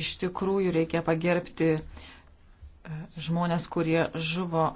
Iš tikrųjų reikia pagerbti e, žmonės, kurie žuvo